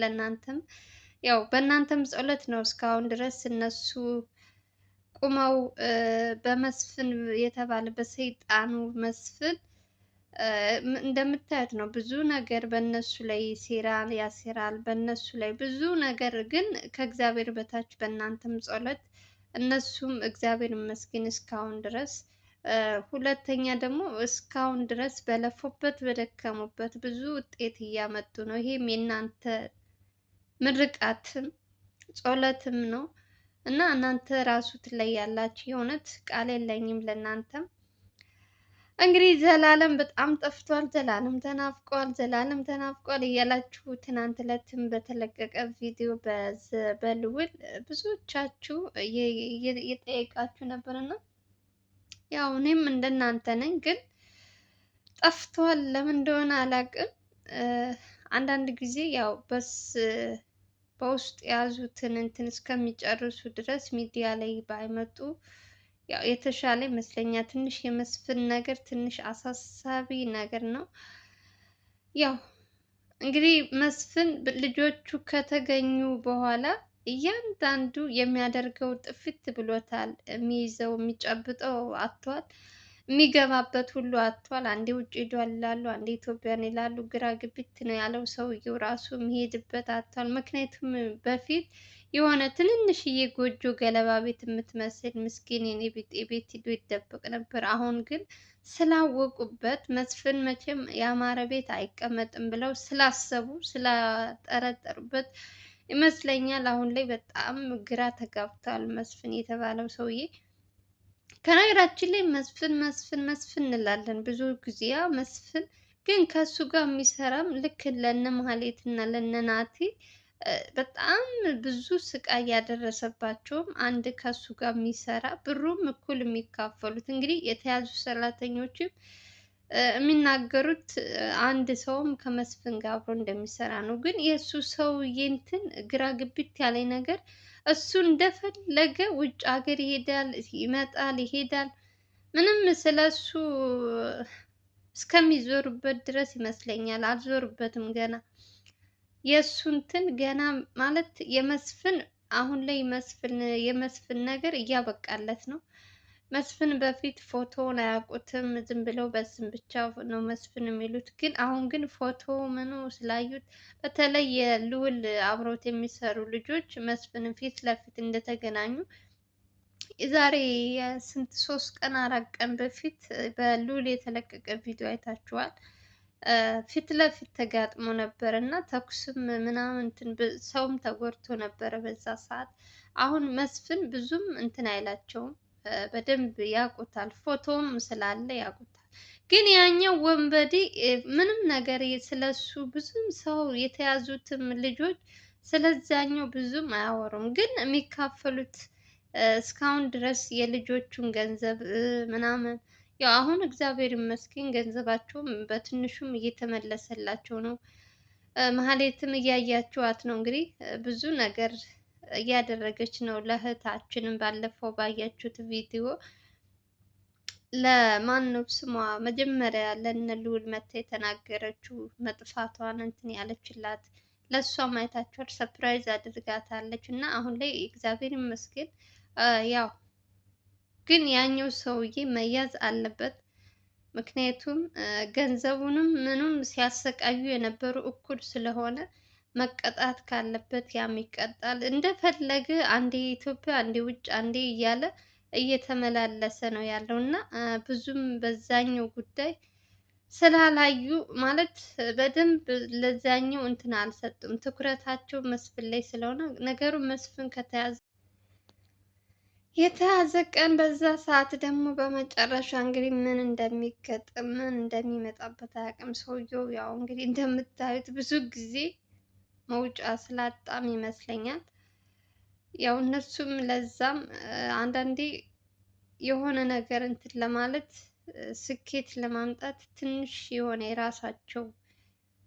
ለእናንተም ያው በእናንተም ጸሎት ነው እስካሁን ድረስ እነሱ ቁመው በመስፍን የተባለ በሰይጣኑ መስፍን እንደምታዩት ነው። ብዙ ነገር በእነሱ ላይ ይሴራል ያሴራል፣ በእነሱ ላይ ብዙ ነገር ግን ከእግዚአብሔር በታች በእናንተም ጸሎት እነሱም እግዚአብሔር ይመስገን እስካሁን ድረስ ሁለተኛ ደግሞ እስካሁን ድረስ በለፉበት በደከሙበት ብዙ ውጤት እያመጡ ነው። ይሄም የእናንተ ምርቃትም ጸሎትም ነው እና እናንተ ራሱ ትለያላችሁ። የእውነት ቃል የለኝም ለእናንተም። እንግዲህ ዘላለም በጣም ጠፍቷል፣ ዘላለም ተናፍቋል፣ ዘላለም ተናፍቋል እያላችሁ ትናንት ዕለትም በተለቀቀ ቪዲዮ በልውል ብዙዎቻችሁ እየጠየቃችሁ ነበር እና ያው እኔም እንደናንተ ነኝ፣ ግን ጠፍቷል። ለምን እንደሆነ አላውቅም። አንዳንድ ጊዜ ያው በስ በውስጥ የያዙትን እንትን እስከሚጨርሱ ድረስ ሚዲያ ላይ ባይመጡ ያው የተሻለ ይመስለኛል። ትንሽ የመስፍን ነገር ትንሽ አሳሳቢ ነገር ነው። ያው እንግዲህ መስፍን ልጆቹ ከተገኙ በኋላ እያንዳንዱ የሚያደርገው ጥፊት ብሎታል። የሚይዘው የሚጨብጠው አጥቷል። የሚገባበት ሁሉ አጥቷል። አንዴ ውጭ ሄዷል ይላሉ፣ አንዴ ኢትዮጵያን ይላሉ። ግራ ግብት ነው ያለው ሰውየው ራሱ የሚሄድበት አጥቷል። ምክንያቱም በፊት የሆነ ትንንሽዬ ጎጆ ገለባ ቤት የምትመስል ምስኪን የኔ ቤት ቤት ሂዶ ይደበቅ ነበር። አሁን ግን ስላወቁበት መስፍን መቼም የአማረ ቤት አይቀመጥም ብለው ስላሰቡ ስላጠረጠሩበት ይመስለኛል አሁን ላይ በጣም ግራ ተጋብቷል መስፍን የተባለው ሰውዬ ከነገራችን ላይ መስፍን መስፍን መስፍን እንላለን ብዙ ጊዜ መስፍን ግን ከሱ ጋር የሚሰራም ልክ ለነ ማህሌት እና ለነ ናቲ በጣም ብዙ ስቃይ ያደረሰባቸውም አንድ ከሱ ጋር የሚሰራ ብሩም እኩል የሚካፈሉት እንግዲህ የተያዙ ሰራተኞችም የሚናገሩት አንድ ሰውም ከመስፍን ጋር አብሮ እንደሚሰራ ነው። ግን የእሱ ሰውዬ እንትን ግራ ግብት ያለኝ ነገር እሱ እንደፈለገ ውጭ ሀገር ይሄዳል፣ ይመጣል፣ ይሄዳል። ምንም ስለ እሱ እስከሚዞርበት ድረስ ይመስለኛል። አልዞርበትም ገና የእሱ እንትን ገና ማለት የመስፍን አሁን ላይ የመስፍን ነገር እያበቃለት ነው። መስፍን በፊት ፎቶውን አያውቁትም። ዝም ብለው በስም ብቻ ነው መስፍን የሚሉት። ግን አሁን ግን ፎቶ ምኑ ስላዩት በተለይ የልውል አብሮት የሚሰሩ ልጆች መስፍን ፊት ለፊት እንደተገናኙ የዛሬ የስንት ሶስት ቀን አራት ቀን በፊት በልውል የተለቀቀ ቪዲዮ አይታችኋል። ፊት ለፊት ተጋጥሞ ነበር እና ተኩስም ምናምን ሰውም ተጎድቶ ነበረ በዛ ሰዓት። አሁን መስፍን ብዙም እንትን አይላቸውም በደንብ ያውቁታል። ፎቶም ስላለ ያውቁታል። ግን ያኛው ወንበዴ ምንም ነገር ስለሱ ብዙም ሰው የተያዙትም ልጆች ስለዛኛው ብዙም አያወሩም። ግን የሚካፈሉት እስካሁን ድረስ የልጆቹን ገንዘብ ምናምን ያው አሁን እግዚአብሔር ይመስገን ገንዘባቸውም በትንሹም እየተመለሰላቸው ነው። መሀሌትም እያያችኋት ነው እንግዲህ ብዙ ነገር እያደረገች ነው። ለእህታችንም ባለፈው ባያችሁት ቪዲዮ ለማነው ስሟ መጀመሪያ ለእነ ልዑል መታ የተናገረችው መጥፋቷን እንትን ያለችላት ለእሷ ማየታቸው ሰፕራይዝ አድርጋታለች። እና አሁን ላይ እግዚአብሔር ይመስገን ያው ግን ያኛው ሰውዬ መያዝ አለበት። ምክንያቱም ገንዘቡንም ምኑም ሲያሰቃዩ የነበሩ እኩል ስለሆነ መቀጣት ካለበት ያም ይቀጣል። እንደፈለገ አንዴ ኢትዮጵያ፣ አንዴ ውጭ፣ አንዴ እያለ እየተመላለሰ ነው ያለው እና ብዙም በዛኛው ጉዳይ ስላላዩ ማለት በደንብ ለዛኛው እንትን አልሰጡም። ትኩረታቸው መስፍን ላይ ስለሆነ ነገሩ መስፍን ከተያዘ የተያዘ ቀን በዛ ሰዓት ደግሞ በመጨረሻ እንግዲህ ምን እንደሚገጥም ምን እንደሚመጣበት አያውቅም ሰውየው። ያው እንግዲህ እንደምታዩት ብዙ ጊዜ መውጫ ስላጣም ይመስለኛል። ያው እነሱም ለዛም አንዳንዴ የሆነ ነገር እንትን ለማለት ስኬት ለማምጣት ትንሽ የሆነ የራሳቸው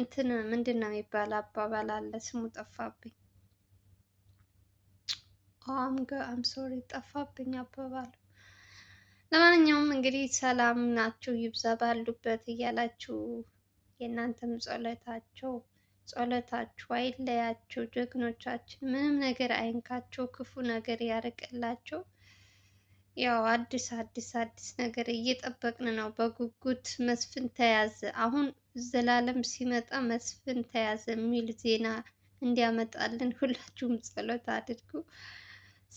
እንትን ምንድን ነው የሚባል አባባል አለ፣ ስሙ ጠፋብኝ። አም oh, ሶሪ ጠፋብኝ አባባሉ። ለማንኛውም እንግዲህ ሰላም ናቸው ይብዛ ባሉበት እያላችሁ የእናንተም ጸሎታቸው ጸሎታችሁ አይለያቸው። ጀግኖቻችን ምንም ነገር አይንካቸው፣ ክፉ ነገር ያርቅላቸው። ያው አዲስ አዲስ አዲስ ነገር እየጠበቅን ነው በጉጉት መስፍን ተያዘ፣ አሁን ዘላለም ሲመጣ መስፍን ተያዘ የሚል ዜና እንዲያመጣልን ሁላችሁም ጸሎት አድርጉ።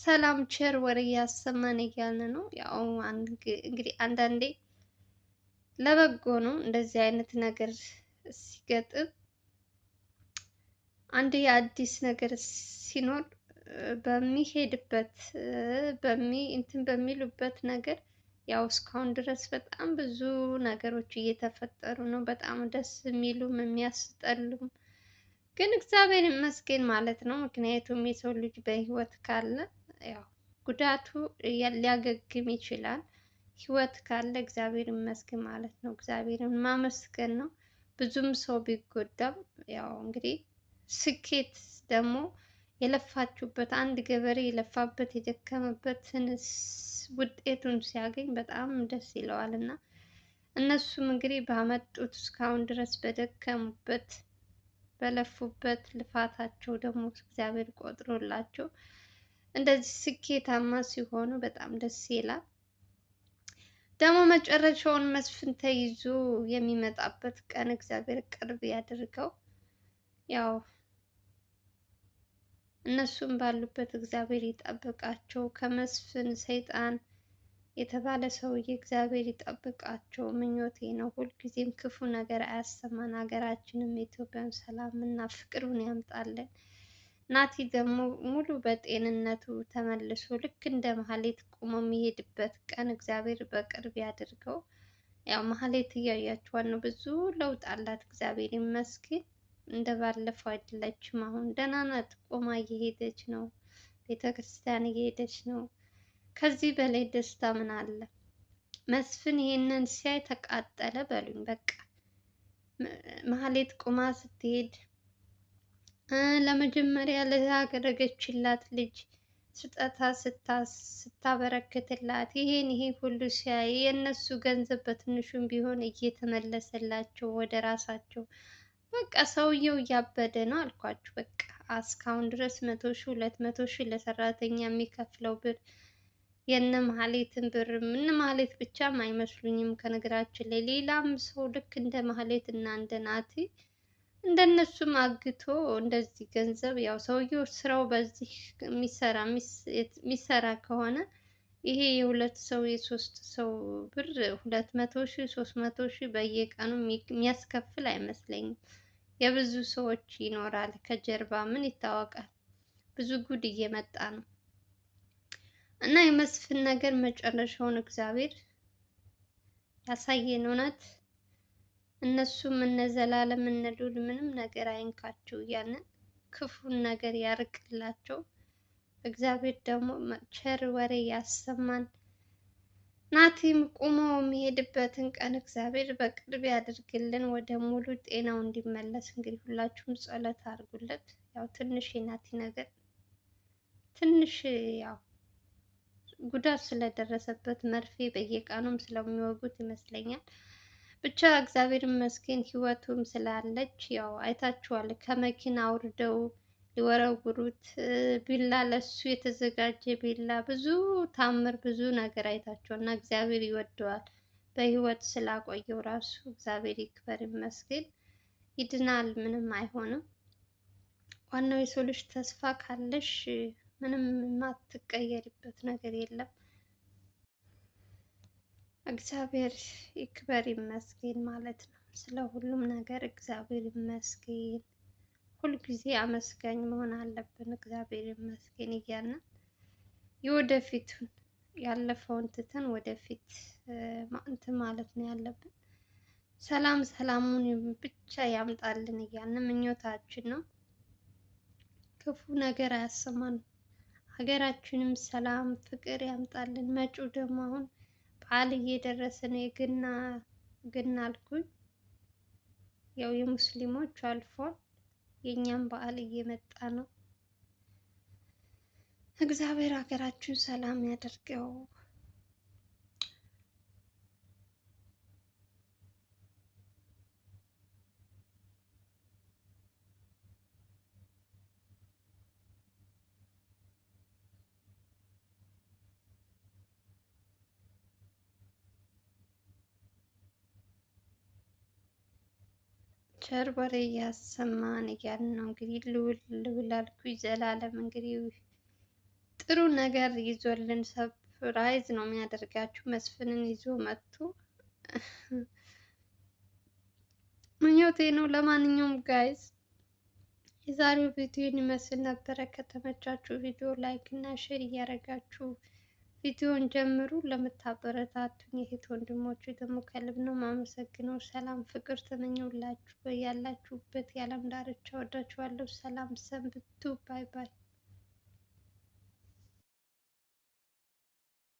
ሰላም ቸር ወሬ እያሰማን እያልን ነው። ያው እንግዲህ አንዳንዴ ለበጎ ነው እንደዚህ አይነት ነገር ሲገጥም አንድ የአዲስ ነገር ሲኖር በሚሄድበት በሚ እንትን በሚሉበት ነገር ያው እስካሁን ድረስ በጣም ብዙ ነገሮች እየተፈጠሩ ነው። በጣም ደስ የሚሉም የሚያስጠሉም፣ ግን እግዚአብሔር ይመስገን ማለት ነው። ምክንያቱም የሰው ልጅ በህይወት ካለ ያው ጉዳቱ ሊያገግም ይችላል። ህይወት ካለ እግዚአብሔር ይመስገን ማለት ነው። እግዚአብሔርን ማመስገን ነው። ብዙም ሰው ቢጎዳም ያው እንግዲህ ስኬት ደግሞ የለፋችሁበት አንድ ገበሬ የለፋበት የደከመበትን ውጤቱን ሲያገኝ በጣም ደስ ይለዋል እና እነሱም እንግዲህ ባመጡት እስካሁን ድረስ በደከሙበት በለፉበት ልፋታቸው ደግሞ እግዚአብሔር ቆጥሮላቸው እንደዚህ ስኬታማ ሲሆኑ በጣም ደስ ይላል። ደግሞ መጨረሻውን መስፍን ተይዞ የሚመጣበት ቀን እግዚአብሔር ቅርብ ያድርገው ያው እነሱም ባሉበት እግዚአብሔር ይጠብቃቸው። ከመስፍን ሰይጣን የተባለ ሰውዬ እግዚአብሔር ይጠብቃቸው ምኞቴ ነው። ሁልጊዜም ክፉ ነገር አያሰማን። ሀገራችንም ኢትዮጵያን ሰላም እና ፍቅሩን ያምጣለን። ናቲ ደግሞ ሙሉ በጤንነቱ ተመልሶ ልክ እንደ መሀሌት ቆሞ የሚሄድበት ቀን እግዚአብሔር በቅርብ ያድርገው። ያው መሀሌት እያያችኋት ነው። ብዙ ለውጥ አላት። እግዚአብሔር ይመስገን። እንደ ባለፈው አይደለችም። አሁን ደህና ናት፣ ቆማ እየሄደች ነው፣ ቤተ ክርስቲያን እየሄደች ነው። ከዚህ በላይ ደስታ ምን አለ? መስፍን ይህንን ሲያይ ተቃጠለ በሉኝ። በቃ መሀሌት ቁማ ስትሄድ ለመጀመሪያ ላደረገችላት ልጅ ስጠታ ስታበረክትላት ይሄን ይሄ ሁሉ ሲያይ የእነሱ ገንዘብ በትንሹም ቢሆን እየተመለሰላቸው ወደ ራሳቸው በቃ ሰውየው እያበደ ነው አልኳችሁ። በቃ እስካሁን ድረስ መቶ ሺ ሁለት መቶ ሺ ለሰራተኛ የሚከፍለው ብር የነ ማህሌትን ብር ምን ማህሌት ብቻም አይመስሉኝም። ከነገራችን ላይ ሌላም ሰው ልክ እንደ ማህሌት እና እንደ ናቲ እንደነሱም አግቶ እንደዚህ ገንዘብ ያው ሰውየው ስራው በዚህ የሚሰራ ከሆነ ይሄ የሁለት ሰው የሶስት ሰው ብር ሁለት መቶ ሺ ሶስት መቶ ሺ በየቀኑ የሚያስከፍል አይመስለኝም። የብዙ ሰዎች ይኖራል ከጀርባ ምን ይታወቃል። ብዙ ጉድ እየመጣ ነው እና የመስፍን ነገር መጨረሻውን እግዚአብሔር ያሳየን። እውነት እነሱም እነዘላለም እነሉል ምንም ነገር አይንካቸው እያልን ክፉን ነገር ያርቅላቸው። እግዚአብሔር ደግሞ ቸር ወሬ ያሰማን። ናቲም ቁሞ የሚሄድበትን ቀን እግዚአብሔር በቅርብ ያድርግልን፣ ወደ ሙሉ ጤናው እንዲመለስ እንግዲህ ሁላችሁም ጸሎት አድርጉለት። ያው ትንሽ የናቲ ነገር ትንሽ ያው ጉዳት ስለደረሰበት መርፌ በየቀኑም ስለሚወጉት ይመስለኛል። ብቻ እግዚአብሔር ይመስገን ህይወቱም ስላለች ያው አይታችኋል ከመኪና አውርደው ሊወረውሩት ቢላ ለሱ የተዘጋጀ ቢላ ብዙ ታምር ብዙ ነገር አይታቸው እና እግዚአብሔር ይወደዋል። በህይወት ስላቆየው ራሱ እግዚአብሔር ይክበር ይመስገን። ይድናል፣ ምንም አይሆንም። ዋናው የሰው ልጅ ተስፋ ካለሽ ምንም የማትቀየርበት ነገር የለም። እግዚአብሔር ይክበር ይመስገን ማለት ነው። ስለ ሁሉም ነገር እግዚአብሔር ይመስገን። ሁልጊዜ አመስጋኝ መሆን አለብን። እግዚአብሔር ይመስገን እያልን የወደፊቱን ያለፈውን ትተን ወደፊት እንትን ማለት ነው ያለብን። ሰላም ሰላሙን ብቻ ያምጣልን እያልን ምኞታችን ነው። ክፉ ነገር አያሰማን፣ ሀገራችንም ሰላም ፍቅር ያምጣልን። መጪው ደግሞ አሁን በዓል እየደረሰ ነው። የግና ገና አልኩኝ ያው የሙስሊሞች አልፏል። የእኛም በዓል እየመጣ ነው። እግዚአብሔር ሀገራችን ሰላም ያደርገው። ቸር ወሬ እያሰማን እያልን ነው እንግዲህ ልውል ልውል አልኩኝ ዘላለም እንግዲህ ጥሩ ነገር ይዞልን ሰፕራይዝ ነው የሚያደርጋችሁ። መስፍንን ይዞ መጥቶ ምኞቴ ነው። ለማንኛውም ጋይዝ የዛሬው ቪዲዮ ይመስል ነበረ። ከተመቻችሁ ቪዲዮ ላይክ እና ሼር እያደረጋችሁ ቪዲዮን ጀምሩ። ለምታበረታቱኝ የእህት ወንድሞች ደግሞ ከልብ ነው ማመሰግነው። ሰላም ፍቅር ተመኘውላችሁ። ያላችሁበት የዓለም ዳርቻ ወዳችኋለሁ። ሰላም ሰንብቱ። ባይ ባይ።